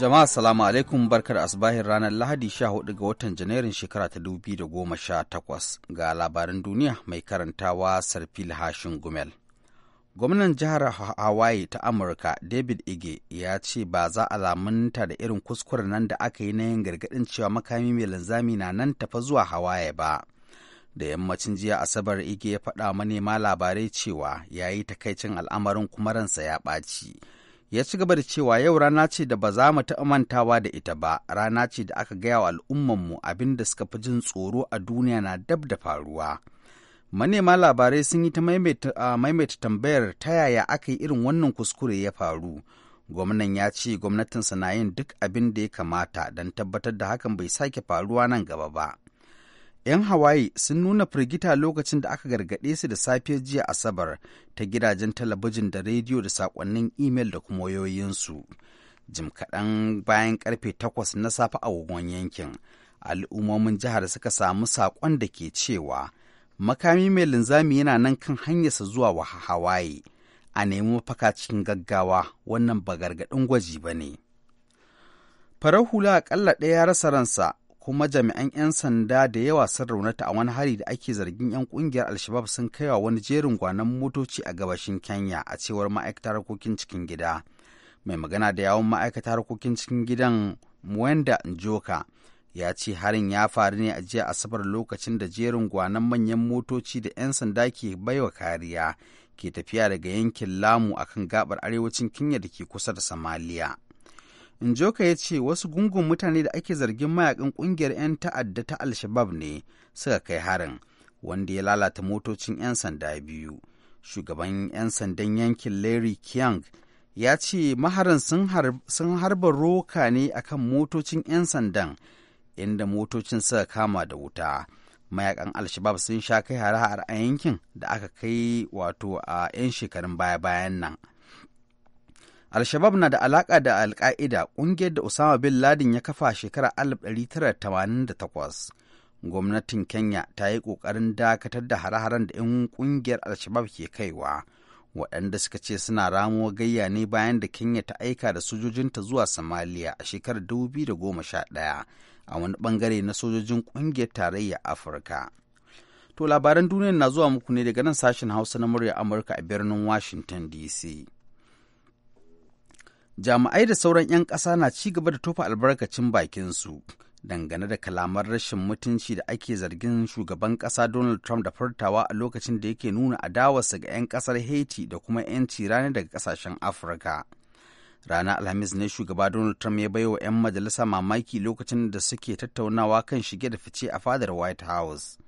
Jama'a salamu alaikum barkar asbahin ranar Lahadi 14 ga watan Janairun shekara ta 2018 ga labaran duniya mai karantawa Sarfil Hashin Gumel. Gwamnan jihar Hawaii ta Amurka David Ige ya ce ba za a lamunta da irin kuskuren nan da aka yi na yin gargaɗin cewa makami mai linzami na nan tafa zuwa Hawaii ba. da yammacin jiya asabar ige ya faɗa manema labarai cewa ya yi takaicin al'amarin kuma ransa ya ɓaci ya ci gaba da cewa yau rana ce da ba za mu taɓa mantawa da ita ba rana ce da aka gaya wa al'ummanmu abin da suka fi jin tsoro a duniya na dab da faruwa manema labarai sun yi ta maimaita tambayar ta yaya aka yi irin wannan kuskure ya faru gwamnan ya ce gwamnatinsa na yin duk abin da ya kamata don tabbatar da hakan bai sake faruwa nan gaba ba 'Yan Hawaii sun nuna firgita lokacin da aka gargaɗe su da safe jiya Asabar ta gidajen talabijin da rediyo da saƙonnin imel da kuma wayoyinsu. Jim kaɗan bayan ƙarfe takwas na safe a wagon yankin, al'ummomin jihar suka samu saƙon da ke cewa makami mai linzami yana nan kan hanyarsa zuwa Hawaii. a nemi mafaka cikin gaggawa wannan ba gargaɗin gwaji ba ne. Farar hula ɗaya ya rasa ransa kuma jami'an 'yan sanda da yawa sun raunata a wani hari da ake zargin 'yan kungiyar alshabab sun kai wa wani jerin gwanon motoci a gabashin kenya a cewar ma'aikatar harkokin cikin gida mai magana da yawon ma'aikatar harkokin cikin gidan muwenda njoka ya ce harin ya faru ne a jiya asabar lokacin da jerin gwanon manyan motoci da 'yan sanda ke baiwa kariya ke tafiya daga yankin lamu akan gabar arewacin kenya da ke kusa da samaliya Njoka ya ce wasu gungun mutane da ake zargin mayakan kungiyar 'yan ta'adda ta Alshabab ne suka kai harin, wanda ya lalata motocin 'yan sanda biyu. Shugaban 'yan sandan yankin Larry Kiang ya ce maharan sun harba roka ne akan motocin 'yan sandan inda motocin suka kama da wuta. mayakan alshabab sun sha kai hare-hare a yankin da aka kai wato a 'yan shekarun baya-bayan nan. Al-Shabab na da alaƙa da al qaida ƙungiyar da Usama Bin Laden ya kafa a shekarar 1988. Gwamnatin Kenya ta yi ƙoƙarin dakatar da hare-haren da 'yan ƙungiyar Al-Shabab ke kaiwa, waɗanda suka ce suna ramo gayya ne bayan da Kenya ta aika da sojojinta zuwa Somalia a shekarar 2011 a wani ɓangare na sojojin ƙungiyar tarayya Afirka. To labaran duniya na zuwa muku ne daga nan sashen Hausa na murya Amurka a birnin Washington DC. jami'ai da sauran 'yan ƙasa na ci gaba da tofa albarkacin bakinsu dangane da kalamar rashin mutunci da ake zargin shugaban ƙasa donald trump da furtawa a lokacin da yake nuna adawarsa ga 'yan ƙasar haiti da kuma 'yanci rana daga ƙasashen afirka rana alhamis ne shugaba donald trump ya bai wa 'yan majalisa mamaki lokacin da suke tattaunawa kan shige da fice a fadar white house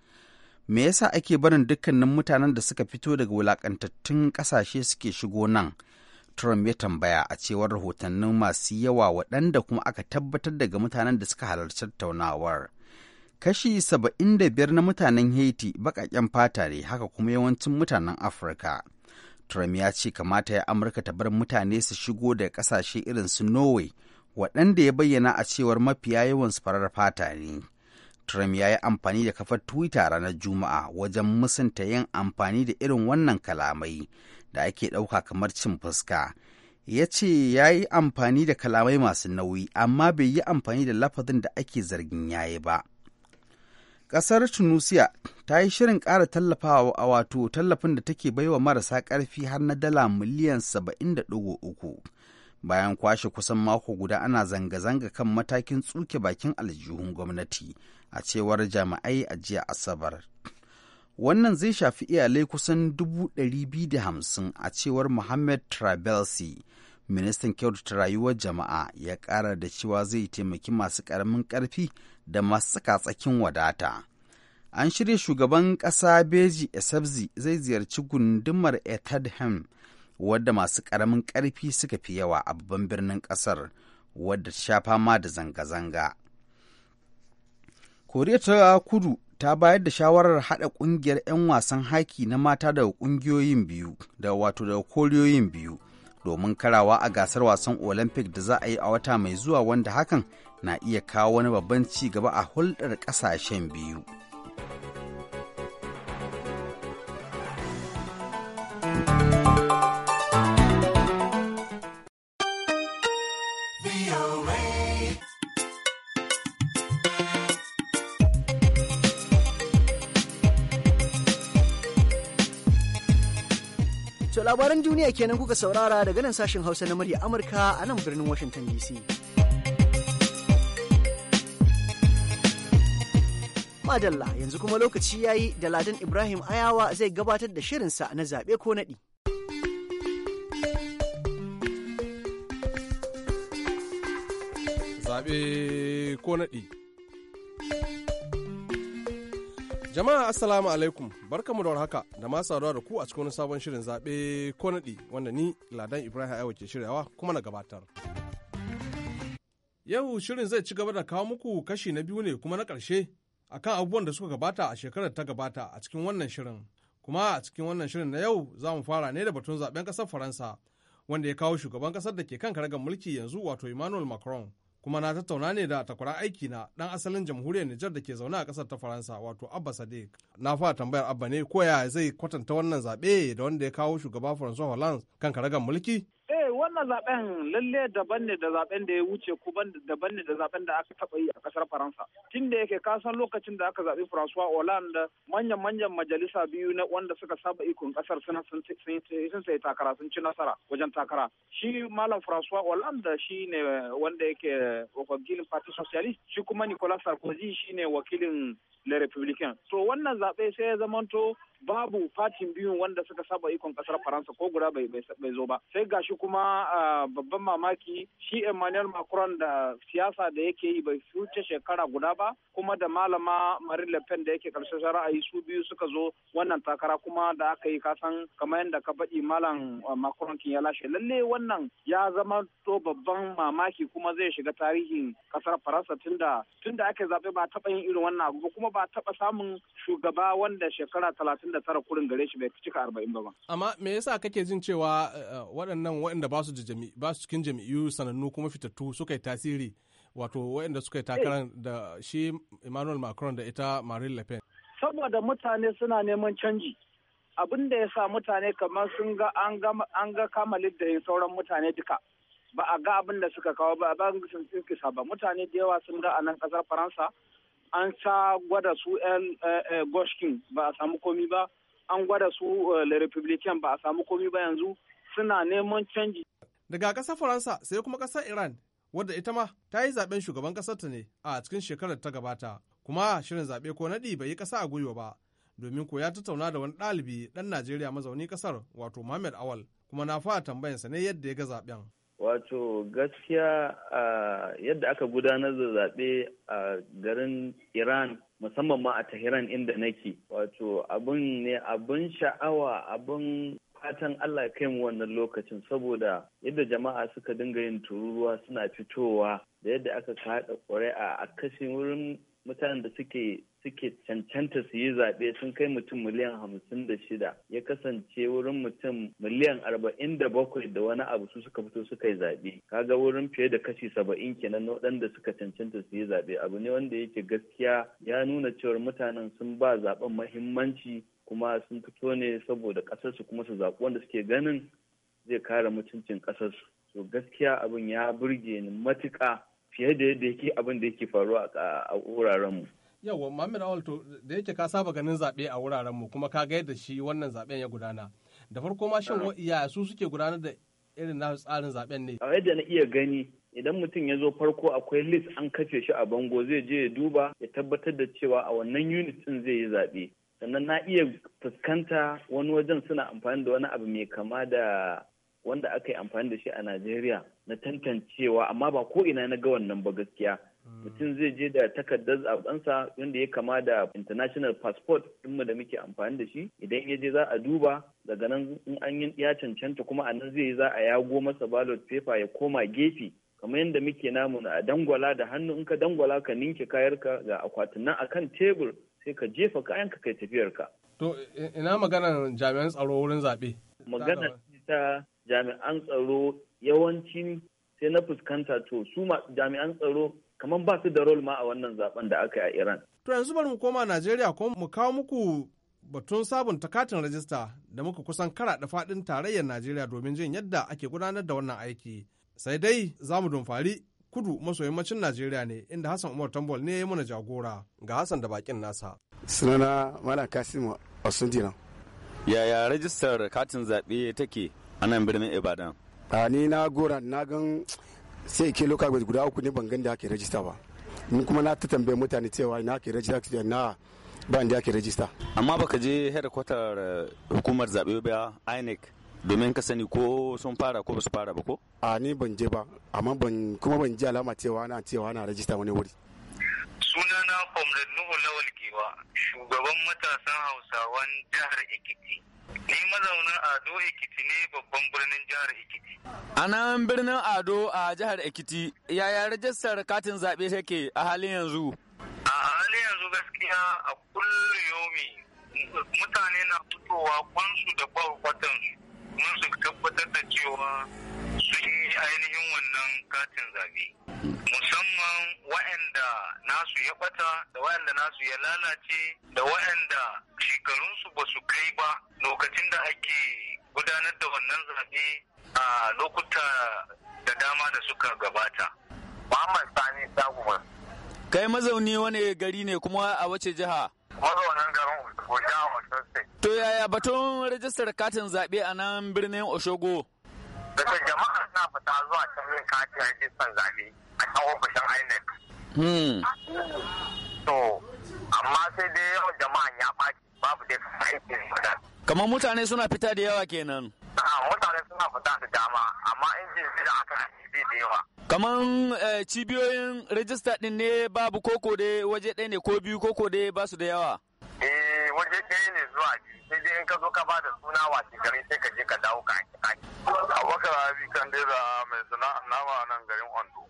me yasa ake barin dukkanin mutanen da suka fito daga wulakantattun ƙasashe suke shigo nan Trump ya tambaya a cewar rahotannin masu yawa waɗanda kuma aka tabbatar daga mutanen da suka halarci tattaunawar. Kashi saba'in da biyar na mutanen Haiti baƙaƙen fata ne haka kuma yawancin mutanen Afirka. Trump ya ce kamata ya Amurka ta bar mutane su shigo da ƙasashe irin su Norway waɗanda ya bayyana a cewar mafiya yawan farar fata ne. Trump ya yi amfani da kafar Twitter ranar Juma'a wajen musunta yin amfani da irin wannan kalamai da ake ɗauka kamar cin fuska. Ya ce ya yi amfani da kalamai masu nauyi, amma bai yi amfani da lafazin da ake zargin yi ba. Ƙasar Tunisia ta yi shirin ƙara tallafawa a wato tallafin da take baiwa marasa ƙarfi har na dala miliyan uku. Bayan kwashe kusan mako guda ana zanga-zanga kan matakin tsuke bakin aljihun gwamnati. a cewar jami'ai a jiya asabar wannan zai shafi iyalai kusan dubu ɗari biyu da hamsin a cewar Mohammed Trabelsi, ministan kyautata rayuwar jama'a ya ƙara da cewa zai taimaki masu ƙaramin ƙarfi da masu tsakatsakin wadata. An shirya shugaban ƙasa Beji Esebzi zai ziyarci gundumar etadham wadda masu ƙaramin ƙarfi suka fi yawa a babban birnin ƙasar wadda ta sha fama da zanga-zanga. koriya ta kudu ta bayar da shawarar haɗa ƙungiyar 'yan wasan haki na mata daga ƙungiyoyin biyu da wato daga koriyoyin biyu domin karawa a gasar wasan olympic da za a yi a wata mai zuwa wanda hakan na iya kawo wani babban ci gaba a hulɗar ƙasashen biyu. labaran duniya kenan kuka saurara daga nan sashen hausa na murya amurka a nan birnin washington dc madalla yanzu kuma lokaci yayi da ladan ibrahim ayawa zai gabatar da shirinsa na zaɓe ko naɗi zaɓe ko naɗi Jama'a Assalamu alaikum barkamu da haka da ma saduwa da ku a cikin sabon shirin zaɓe ko naɗi wanda ni Ladan Ibrahim Aiwa ke shiryawa kuma na gabatar. Yau shirin zai ci gaba da kawo muku kashi na biyu ne kuma na ƙarshe akan abubuwan da suka gabata a shekarar ta gabata a cikin wannan shirin. Kuma a cikin wannan shirin na yau za mu fara ne da batun zaben ƙasar Faransa wanda ya kawo shugaban ƙasar da ke kan karagar mulki yanzu wato Emmanuel Macron kuma na tattauna ne da takwara aiki na dan asalin jamhuriyar Nijar da ke zaune a kasar ta Faransa wato Abba Sadiq. Na fara tambayar Abba ne ko ya zai kwatanta wannan zaɓe da wanda ya kawo shugaba Francois Hollande kan karagar mulki? wannan zaben lalle daban ne da zaben da ya wuce ko daban ne da zaben da aka taba yi a kasar Faransa. Tun da yake ka san lokacin da aka zabi Francois Hollande manyan manyan majalisa biyu na wanda suka saba ikon kasar sun sun sai takara sun ci nasara wajen takara. Shi Malam Francois Hollande shi ne wanda yake wakilin Parti Socialist shi kuma Nicolas Sarkozy shi ne wakilin Le Republicain To wannan zaɓe sai ya zamanto babu fatin biyun wanda suka saba ikon kasar faransa ko guda bai zo ba sai gashi kuma babban mamaki shi emmanuel macron da siyasa da yake yi bai wuce shekara guda ba kuma da malama marine le pen da yake karshen ra'ayi su biyu suka zo wannan takara kuma da aka yi kasan kamar yadda ka faɗi malam macron kin ya lashe lalle wannan ya zama to babban mamaki kuma zai shiga tarihin kasar faransa tunda tunda ake zaɓe ba taɓa yin irin wannan abu kuma ba taɓa samun shugaba wanda shekara talatin da tara kurin gare shi bai cika arba'in ba. Amma me yasa kake jin cewa eh, waɗannan waɗanda ba su cikin jami'u sanannu kuma fitattu suka yi tasiri wato waɗanda suka yi takarar da shi Emmanuel Macron da ita Marine Le Pen. Saboda mutane suna neman canji. Abin da ya sa mutane kamar sun ga an ga kamalin da sauran mutane duka. Ba a ga abin da suka kawo ba, ba su ba. Mutane da yawa sun ga a nan ƙasar Faransa, an sha gwada su 'yan goshkin eh, eh, ba a samu komi ba an gwada su eh, le republican ba a samu komi ba yanzu suna neman canji daga ƙasar faransa sai kuma ƙasar iran wadda ita ma ta yi zaben shugaban ƙasarta ne a cikin shekarar ta gabata kuma shirin zaɓe ko naɗi bai yi kasa a gwiwa ba domin ko ya tattauna da wani ɗalibi ɗan najeriya mazauni ƙasar wato mohammed awal kuma na fara tambayansa ne yadda ya ga zaɓen wato gaskiya yadda aka gudanar da zaɓe a garin iran musamman ma a tahiran inda nake wato abun ne abun sha'awa abin fatan allah kai mu wannan lokacin saboda yadda jama'a suka dinga yin tururuwa suna fitowa da yadda aka kaɗa ƙuri'a a kashe wurin mutanen da suke suke cancanta su yi zaɓe sun kai mutum miliyan hamsin da shida ya kasance wurin mutum miliyan arba'in da bakwai da wani abu su suka fito suka yi zaɓe kaga wurin fiye da kashi saba'in kenan na waɗanda suka cancanta su yi zaɓe abu ne wanda yake gaskiya ya nuna cewar mutanen sun ba zaɓen mahimmanci kuma sun fito ne saboda ƙasarsu kuma su zaɓi wanda suke ganin zai kare mutuncin ƙasarsu to gaskiya abin ya burge ni matuƙa fiye da yadda yake abin da yake faruwa a wuraren mu yawa Muhammad Awal da yake ka saba ganin zaɓe a wuraren mu kuma ka ga yadda shi wannan zaɓen ya gudana da farko ma shin ya su suke gudanar da irin na tsarin zaɓen ne a da na iya gani idan mutum ya zo farko akwai list an kashe shi a bango zai je ya duba ya tabbatar da cewa a wannan unit din zai yi zaɓe sannan na iya fuskanta wani wajen suna amfani da wani abu mai kama da wanda aka yi amfani da shi a Najeriya na tantancewa amma ba ko ina na ga wannan ba gaskiya mutum zai je da takardar zabensa wanda ya kama da international passport ɗinmu da muke amfani da shi idan ya je za a duba daga nan in an yi ya cancanta kuma a nan zai yi za a yago masa ballot paper ya koma gefe kamar yadda muke namu na dangwala da hannu in ka dangwala ka ninke kayarka ga akwatin nan akan tebur sai ka jefa kayan ka kai tafiyarka. To ina maganar jami'an tsaro wurin zaɓe? Maganar ta jami'an tsaro yawanci sai na fuskanta to su jami'an tsaro kamar ba su da rol ma a wannan zaben da aka yi a Iran. To yanzu bari mu koma Najeriya ko mu kawo muku batun sabunta katin rajista da muka kusan kara da faɗin tarayyar Najeriya domin jin yadda ake gudanar da wannan aiki. Sai dai za mu dumfari kudu maso yammacin Najeriya ne inda Hassan Umar Tambol ne ya mana jagora ga Hassan da bakin nasa. Sunana Mala Kasimu Osundina. Yaya rajistar katin zaɓe take a nan birnin Ibadan? A ni na gora na gan sai ke local government guda uku ne ban ganda ake rajista ba ni kuma na ta tambaye mutane cewa ina ake rajista na ba inda ake rajista amma baka je headquarter eh, hukumar zabe ba INEC domin ka sani ko sun fara ko ba su fara ba ko a ni ban je ba amma ban kuma ban ji alama cewa ana cewa ana rajista wani wuri sunana Comrade Nuhu Lawal Giwa shugaban matasan Hausawan jihar Ekiti Ni mazaunin Ado Ekiti ne babban birnin jihar Ekiti. A nan birnin Ado a jihar Ekiti, yaya rajistar katin zaɓe take a halin yanzu? A halin yanzu gaskiya a kullu yomi mutane na fitowa kwansu da kwakwatan mun su tabbatar da cewa sun yi ainihin wannan katin zaɓe. musamman waɗanda nasu ya bata da waɗanda nasu ya lalace da waɗanda shekarunsu ba su kai ba lokacin da ake gudanar da wannan zaɓe a lokuta da dama da suka gabata. Muhammad Sani Dagumar. Kai mazauni wani gari ne kuma a wace jiha? Mazaunin garin Osha To yaya batun rajistar katin zaɓe a nan birnin Oshogo? Daga jama'a na fita zuwa can yin katin rajistar zaɓe. a INEC. Hmm. To, amma sai dai yawan jama'an Kamar mutane suna fita da yawa kenan. mutane suna fita da dama, amma injin da aka da yawa. Kamar eh, cibiyoyin rajista ɗin ne babu koko dai waje ɗaya ne ko biyu koko dai ba da yawa. eh waje ɗaya ne zuwa biyu sai dai in ka zo ka ba da suna wace gari sai ka je ka dawo ka ake abubakar abi kan dera mai sana'ar nama a nan garin ondo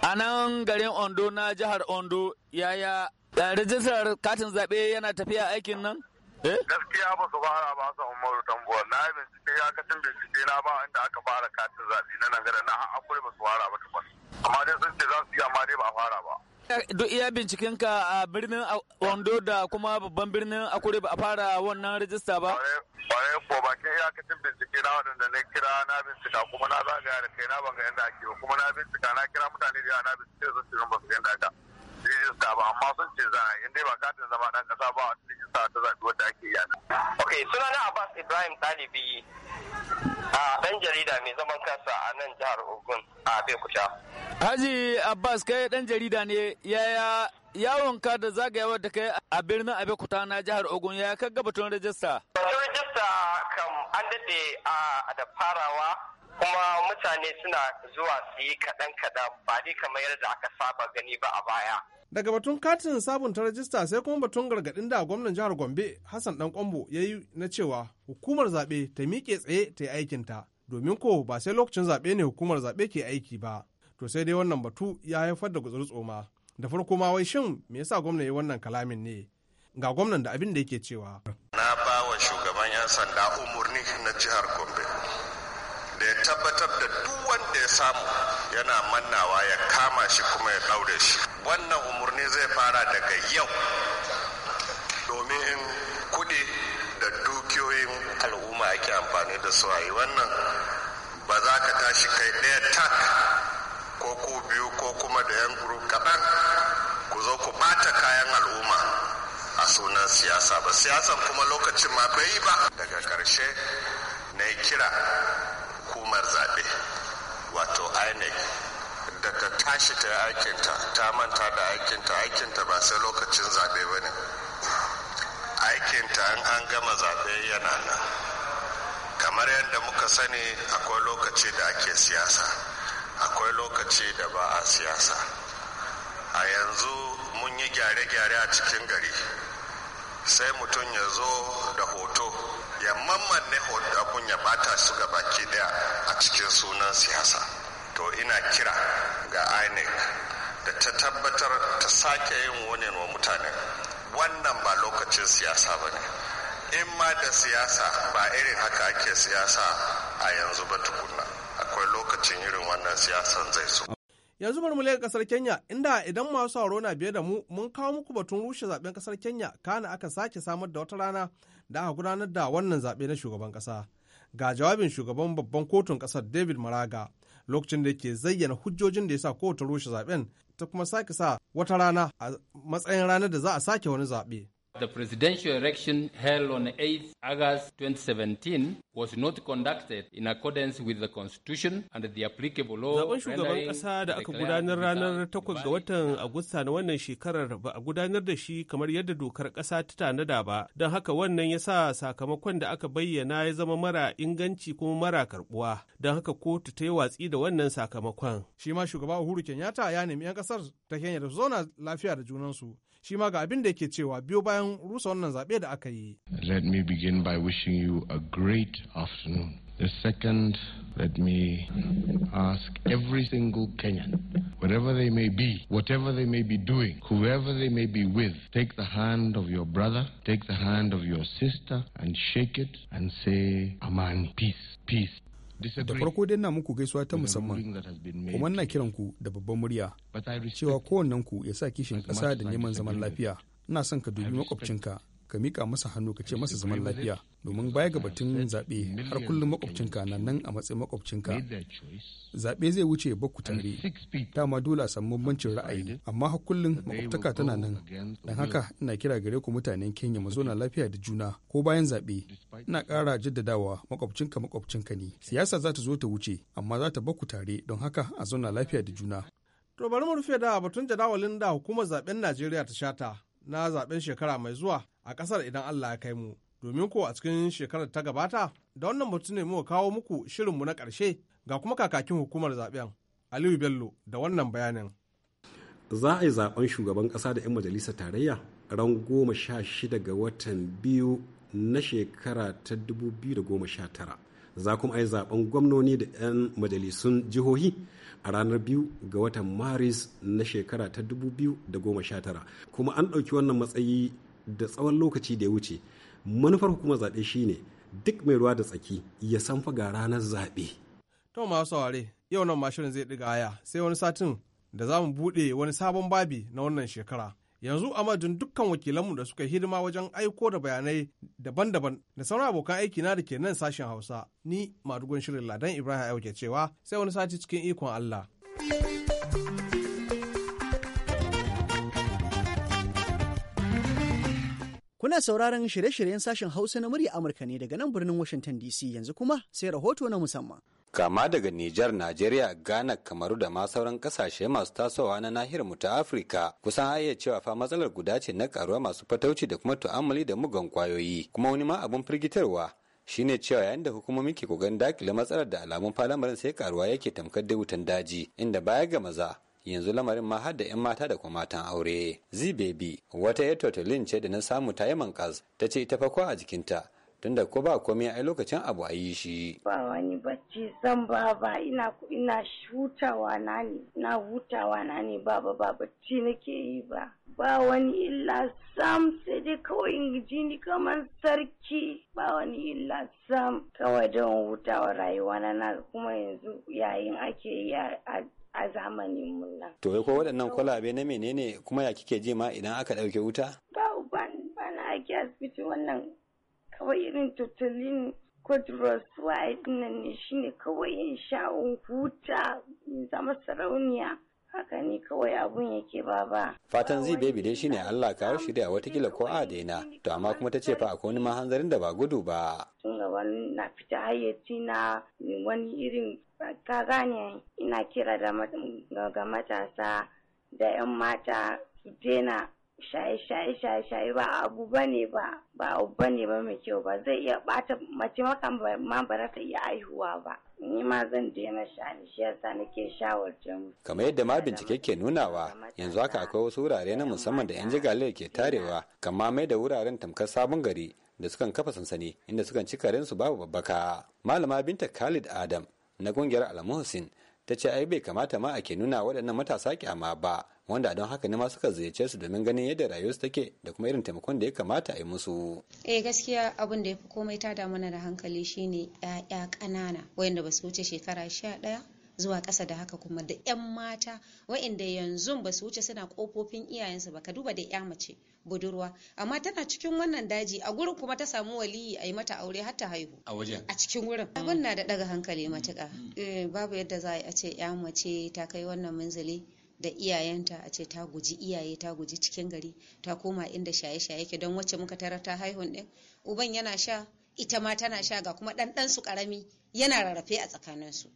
a nan garin ondo na jihar ondo yaya rajistar katin zaɓe yana tafiya aikin nan eh? gaskiya ba su fara ba su umaru tambuwa na yi bincike ya katin bincike na ba inda aka fara katin zaɓe na nan garin na hakuri ba su fara ba tukun amma dai sun ce za su yi amma dai ba fara ba Eh, duk iya binciken ka a birnin Wando da kuma babban birnin Akure ba a fara wannan rajista ba? Kwaye ko bakin iyakacin bincike na waɗanda na kira na bincika kuma na zagaya da kai na banga yadda ake kuma na bincika na kira mutane da na bincike da su ba su yadda aka. rijista ba amma sun ce za a in dai ba katin zama dan kasa ba a rijista ta zaɓi wanda ake yi ok suna na abbas ibrahim ɗalibi a ɗan jarida mai zaman kansa a nan jihar ogun a bekuta haji abbas kai ɗan jarida ne yaya yawon ka da zagayawa da kai a birnin abekuta na jihar ogun ya ka gabatun rajista batun rajista kam an daɗe a da farawa kuma mutane suna zuwa su yi kaɗan-kaɗan ba ni kamar yadda aka saba gani ba a baya daga batun katin sabunta rajista sai kuma batun gargadin da gwamnan jihar gombe hassan dan kwambo ya yi na cewa hukumar zaɓe ta miƙe tsaye ta yi aikinta domin ko ba sai lokacin zaɓe ne hukumar zaɓe ke aiki ba to sai dai wannan batu ya haifar da gutsuru tsoma da farko ma wai shin me yasa gwamna ya wannan kalamin ne ga gwamnan da abin da yake cewa na ba wa shugaban yan sanda umarni na jihar gombe da ya tabbatar da duk wanda ya samu yana mannawa ya kama shi kuma ya ɗaure shi wannan umarni zai fara daga yau domin kuɗi da dukiyoyin al'umma ake amfani da su a yi wannan ba za ka tashi kai ɗaya tak ko ku biyu ko kuma da yan guru kaɗan ku zo ku ɓata kayan al'umma a sunan siyasa ba siyasan kuma lokacin ma bai yi ba daga ƙarshe na kira hukumar zaɓe wato inec da ta tashi ta aikinta ta manta da aikinta aikinta ba sai lokacin zaɓe ba ne aikinta an gama zaɓe yana nan kamar yadda muka sani akwai lokaci da ake siyasa akwai lokaci da ba a siyasa a yanzu mun yi gyare-gyare a cikin gari sai mutum ya zo da hoto ya mammanne abun ya bata su ga baki daya a cikin sunan siyasa to ina kira ga inec da ta tabbatar ta sake yin wani wa mutane wannan ba lokacin siyasa ba ne in ma da siyasa ba irin haka ake siyasa a yanzu ba tukunna akwai lokacin irin wannan siyasan zai so yanzu bar mu leƙa kasar Kenya inda idan masu sauro na biye da mu mun kawo muku batun rushe zaben kasar Kenya kana aka sake samar da wata rana da aka gudanar da wannan zaɓe na shugaban ƙasa ga jawabin shugaban babban kotun ƙasar david maraga lokacin da ke zayyana hujjojin da ya sa kowace rushe zaɓen ta kuma sake sa wata rana a matsayin ranar da za a sake wani zaɓe the presidential election held on 8 August 2017 was not conducted in accordance with the constitution and the applicable law. Zaben shugaban ƙasa da aka gudanar ranar 8 ga watan Agusta na wannan shekarar ba a gudanar da shi kamar yadda dokar ƙasa ta tanada ba, don haka wannan ya sa sakamakon da aka bayyana ya zama mara inganci kuma mara karbuwa, don haka kotu ta yi watsi da wannan sakamakon. Shi ma shugaba Uhuru Kenyatta ya nemi 'yan kasar ta Kenya da su zauna lafiya da junansu. shi ma ga abin da cewa biyo bayan rusa wannan zaɓe da aka yi. Let me begin by wishing you a great afternoon. The second, let me ask every single Kenyan, wherever they may be, whatever they may be doing, whoever they may be with, take the hand of your brother, take the hand of your sister, and shake it and say, Aman, peace, peace. da farko dai na muku gaisuwa ta musamman kuma na kiran ku da babban murya cewa kowannen ku ya sa kishin ƙasa da neman zaman lafiya ina son ka dubi makwabcinka ka miƙa masa hannu ka ce masa zaman lafiya domin baya ga batun zaɓe har kullum makwabcinka na nan a matsayin makwabcinka zaɓe zai wuce bakku tare ma dole a samu bambancin ra'ayi amma har kullum makwabtaka tana nan don haka ina kira gare ku mutanen kenya mu zauna lafiya da juna ko bayan zaɓe ina ƙara jaddadawa makwabcinka makwabcinka ne siyasa za ta zo ta wuce amma za ta bakku tare don haka a zauna lafiya da juna. To bari mu rufe da batun jadawalin da hukumar zaben Najeriya ta shata na zaben shekara mai zuwa a ƙasar idan Allah ya kai mu. Domin ko a cikin shekarar ta gabata, da wannan mutum ne muka kawo muku shirin mu na ƙarshe ga kuma kakakin hukumar zaben Aliyu Bello da wannan bayanin. Za a yi zaben shugaban ƙasa da 'yan majalisar tarayya ran goma sha shida ga watan biyu na shekara ta 2019. za kuma a yi zaben gwamnoni da 'yan majalisun jihohi a ranar biyu ga watan maris na shekara ta 2019 kuma an ɗauki wannan matsayi da tsawon lokaci da ya wuce manufar hukumar zaɓe shine duk mai ruwa da tsaki ya san ga ranar zaɓe. to masu saurare yau nan mashirin zai ɗiga aya sai wani satin da za mu buɗe wani sabon babi na wannan shekara yanzu a madadin dukkan wakilanmu da suka hidima wajen aiko da bayanai daban-daban da sauran abokan aiki na da ke nan sashen hausa ni madugun shirin ladan ibrahim ke cewa sai wani sati cikin ikon allah. Kuna sauraron shirye-shiryen sashen Hausa na murya Amurka ne daga nan birnin Washington DC yanzu kuma sai rahoto na musamman. Kama daga Nijar, Najeriya, Ghana, Kamaru da ma sauran kasashe masu tasowa na nahiyar mu ta Afirka, kusan iya cewa fa matsalar guda ce na karuwa masu fatauci da kuma tu'amali da mugan kwayoyi, kuma wani ma abun firgitarwa shine cewa yayin da hukumomi ke kogon dakile matsalar da alamun falamarin sai karuwa yake tamkar da wutan daji, inda baya ga maza yanzu lamarin ma har da 'yan mata da kuma matan aure zibebi wata ya totolin ce da na samu ta yi mankas ta ce ita fako a jikinta tunda ko ba komai ai lokacin abu a yi shi. Ba wani bacci san ba ba ina ina hutawa na ne na hutawa na ne ba ba ba bacci nake yi ba. Ba wani illa sam sai dai kawai in ji ni kamar sarki ba wani illa sam kawai don hutawa rayuwa na kuma yanzu yayin ake yi a. a zamanin mun nan. To ko waɗannan kwalabe na menene kuma ya kike ji ma idan aka ɗauke wuta? Ba ban ba na ake asibiti wannan kawai irin tutulin a nan ne shine kawai yin sha'un huta zama sarauniya. haka ne kawai abun yake ba ba. Fatan zai bebi dai shine Allah kawo shirya watakila ko a daina, to amma kuma ta ce fa akwai wani mahanzarin da ba gudu ba. Tun gaba na fita hayyaci wani irin ka gane ina kira ga matasa da 'yan mata su daina shaye shaye shaye shaye ba abu ne ba ba abu ne ba mai kyau ba zai iya bata mace makan ma ba za ta iya aihuwa ba ni ma zan daina shaye shi yasa nake shawarce mu kamar yadda ma bincike ke nunawa yanzu haka akwai wasu wurare na musamman da yan jigale ke tarewa kamar mai da wuraren tamkar sabon gari da sukan kafa sansani inda sukan ci karensu babu babbaka malama binta Khalid Adam na kungiyar almuhsin ta ce ai bai kamata ma ake nuna waɗannan matasa kyama ba wanda don haka ne ma suka ziyarce su domin ganin yadda rayuwarsu take da kuma irin taimakon da ya kamata a yi musu. Eh gaskiya abin da ya fi komai ta mana da hankali shine ƴaƴa ƙanana wayanda ba su wuce shekara sha ɗaya zuwa ƙasa da haka kuma da 'yan mata wa'inda yanzu ba su wuce suna ƙofofin iyayensu ba ka duba da 'ya mace budurwa amma tana cikin wannan daji a gurin kuma ta samu waliyi a yi mata aure hatta haihu a wajen a cikin wurin mm. abin na da daga hankali mm. matuka mm. eh, babu yadda za a ce ya mace ta kai wannan munzili da iyayenta a ce ta guji iyaye ta guji cikin gari ta koma inda shaye-shaye ke don wacce muka tara ta haihun din uban yana sha ita ma tana sha ga kuma ɗanɗansu karami ƙarami yana rarrafe a tsakaninsu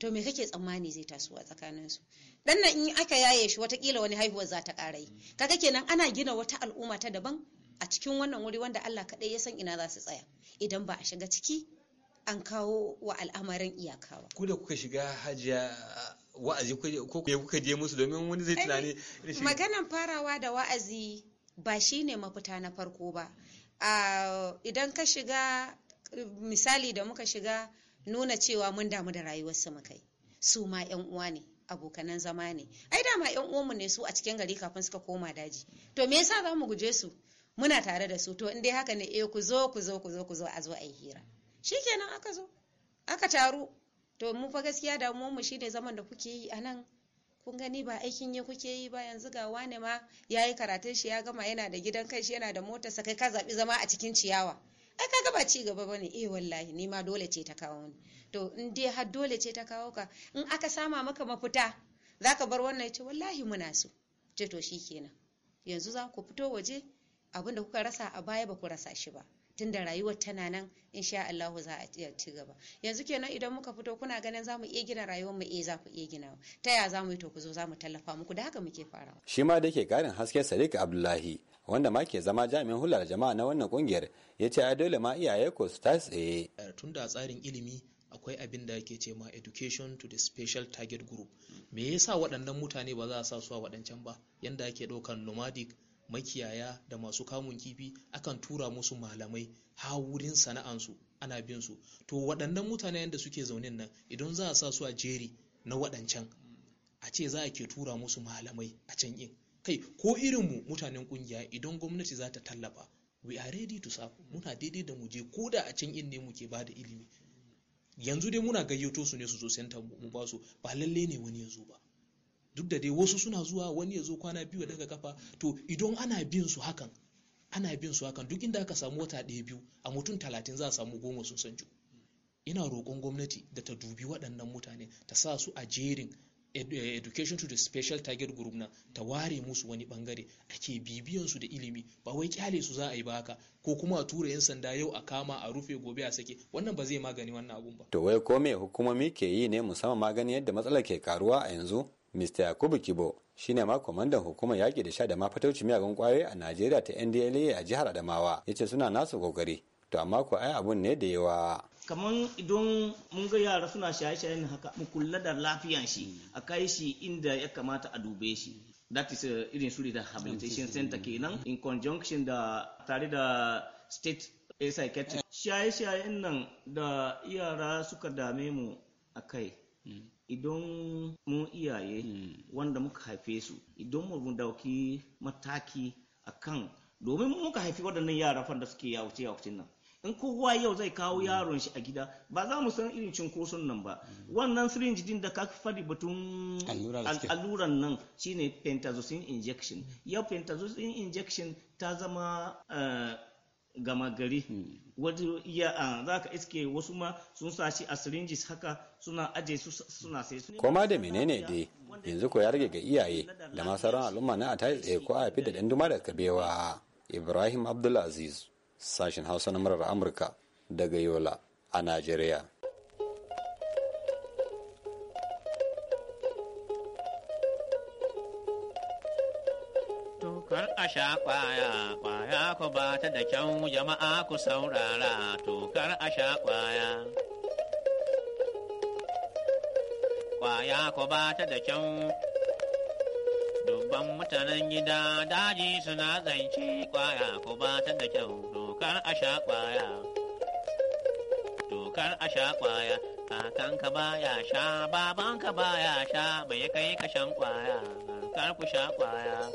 to me kake tsammani zai taso a tsakanin su dan nan in aka yaye shi watakila wani haihuwar za ta ƙara yi kaga kenan ana gina wata al'umma ta daban a cikin wannan wuri wanda Allah kaɗai ya san ina za su tsaya idan ba a shiga ciki an kawo wa al'amarin iyaka ba ku da kuka shiga hajiya wa'azi ko kuka je musu domin wani zai tunani maganan farawa da wa'azi ba shine mafita na farko ba idan ka shiga misali da muka shiga nuna cewa mun damu da rayuwarsu mu kai su ma yan uwa ne abokanan zama ne ai dama yan uwanmu ne su a cikin gari kafin suka koma daji to me yasa za mu guje su muna tare da su to in dai haka ne eh ku zo ku zo ku zo ku zo a zo a yi hira shikenan aka zo aka taru to mu fa gaskiya damuwar mu shine zaman da kuke yi anan kun gani ba aikin ya kuke yi ba yanzu ga wane ma yayi karatun shi ya gama yana da gidan kai shi yana da motar sa kai ka zabi zama a cikin ciyawa ai kaga ba ci gaba bane eh wallahi ni ma dole ce ta kawo ni to in dai har dole ce ta kawo ka in aka sama maka mafita zaka bar wannan ya ce wallahi muna so ce to shikenan yanzu za ku fito waje abin da kuka rasa a baya ba ku rasa shi ba tunda rayuwar tana nan insha Allah za a iya ci gaba yanzu kenan idan muka fito kuna ganin zamu iya gina rayuwar mu eh za ku iya gina ta ya zamu yi to ku zo zamu tallafa muku da haka muke farawa shi ma da ke karin haske Sadiq Abdullahi wanda ma ke zama jami'in hular jama'a na wannan kungiyar ya ce ai dole ma iyaye ko su ta tsaye eh, tunda tsarin ilimi akwai abin da ke ce ma education to the special target group me yasa waɗannan mutane ba za a sa su a waɗancan ba yanda ake ɗaukar nomadic makiyaya da masu kamun kifi akan tura musu malamai ha wurin sana'ansu ana bin su to waɗannan mutane yadda suke zaunin nan idan za a sa su a jeri na waɗancan a ce za a ke tura musu malamai a can in kai ko irin mu mutanen ƙungiya idan gwamnati za ta tallafa we are ready to serve muna daidai da mu je ko da a can in ne muke ba da ilimi yanzu dai muna gayyato su ne su zo sentan mu ba su ba lalle ne wani ya ba duk da dai wasu suna zuwa wani ya zo kwana biyu daga kafa to idan ana bin su hakan ana bin su hakan duk inda aka samu wata ɗaya biyu a mutum talatin za a samu goma sun san ina roƙon gwamnati da ta dubi waɗannan mutane ta sa su a jerin eh, education to the special target group na ta ware musu wani bangare ake bibiyan su da ilimi ba wai kyale su za a yi baka ko kuma a tura yan sanda yau a kama a rufe gobe a sake wannan ba zai magani wannan abun ba to wai ko me hukumomi ke yi ne musamman magani yadda matsalar ke karuwa a yanzu Mista Yakubu Kibo shine ma kwamandan hukumar yaƙi da sha da mafatauci miyagun ƙwayoyi a Najeriya ta NDLA a jihar Adamawa ya ce suna nasu kokari to amma ko ai abun ne da yawa. kamar idan mun ga yara suna shaye-shaye ne haka mu kula da lafiyan shi a kai shi inda ya kamata a dube shi. That is uh, irin su rehabilitation center mm. kenan in conjunction da tare da state psychiatric. Shaye-shayen nan da yara suka dame mu a kai. Mm. idan mun iyaye wanda muka haife su idan mu dauki mataki akan domin muka haifi waɗannan yara fanda suke yawuce yawucin nan in kowa yau zai kawo mm. yaron shi a gida ba za mu san irin cinkoson nan ba mm. wannan sirin jidin da ka fadi batun alluran nan shine pentazocin injection mm. yau pentazocin injection ta zama eh, gama gari wajen iya za ka iske wasu ma sun sa shi a syringes haka suna aje suna sai su koma da menene dai yanzu ko ya rage ga iyaye da ma sauran al'umma na a yi tsaye eh, ko a fi da danduma da kabewa ibrahim abdulaziz sashen hausa na murar amurka daga yola a najeriya sha kwaya kwaya ku ba ta da kyau jama'a ku saurara tokar a sha kwaya kwaya ku ba ta da kyau dubban mutanen gida daji suna zance kwaya ku ba ta da kyau tokar a sha kwaya tokar a sha kwaya kakanka ba ya sha babanka ba ya sha bai kai kashan kwaya kar ku sha kwaya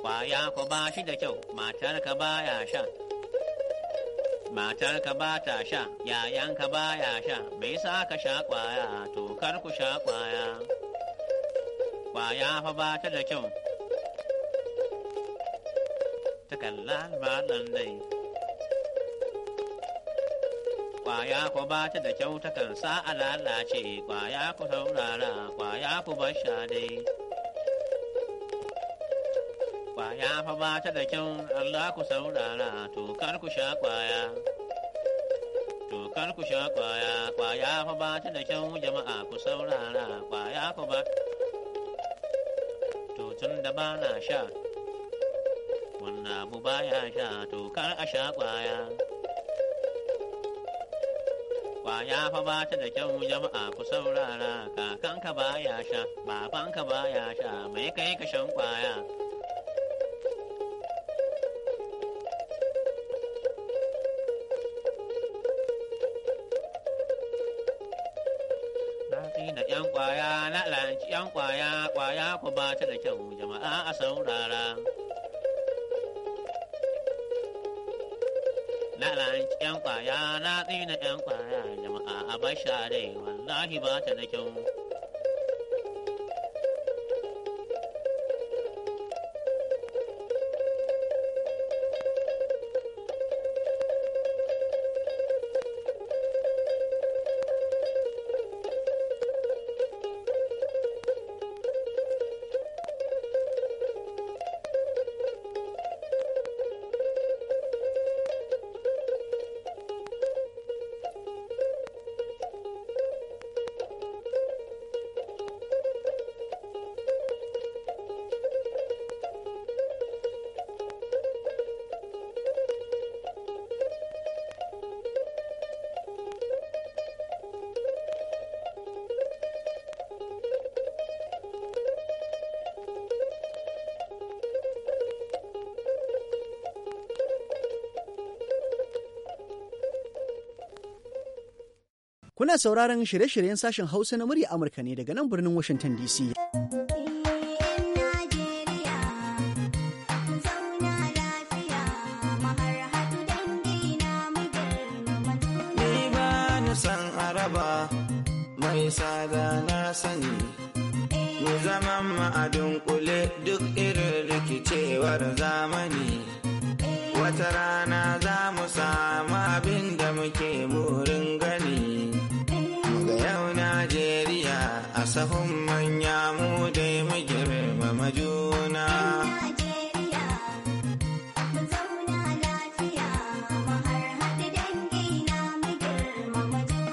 kwaya ku ba shi da kyau matar ka baya sha matar ka ba ta sha yayan ka baya sha me yasa ka sha kwaya to kar ku sha kwaya kwaya fa ba ta da kyau ta kalla malam dai kwaya ku ba ta da kyau ta kan sa lalace kwaya ku saurara kwaya ku bar sha dai ya fa ba ta da kyan Allah ku saurara kar ku sha kwaya. kar ku sha kwaya, kwaya fa ba ta da kyan jama'a ku saurara kwaya ku ba. To tun da ba na sha, wannan abu ba ya sha kar a sha kwaya. Kwaya fa ba ta da kyau jama'a ku saurara kakanka ba ya sha, babanka ba ya sha, mai kai ka shan kwaya. Ƴan kwaya kwaya ku ba ta da kyau jama'a a saurara. Lalan yan kwaya na tsina yan kwaya jama'a a bashare wallahi ba ta da kyau. Kuna sauraron shirye-shiryen sashen Hausa na murya Amurka ne daga nan birnin Washington DC. san araba mai tsada na sani mu zaman ma'adin kule duk irin rikicewar zamani wata rana za mu samu abin da muke sahun manya mu dai mu girma majuna.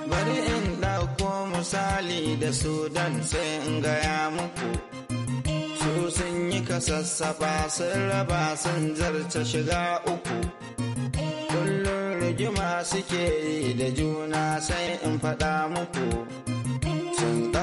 Bari in ɗauko misali da Sudan sai in gaya muku. Eh. Su sun yi kasassafa sun raba sun zarta shiga uku. Eh. Kullum rigima suke yi da juna sai in faɗa muku.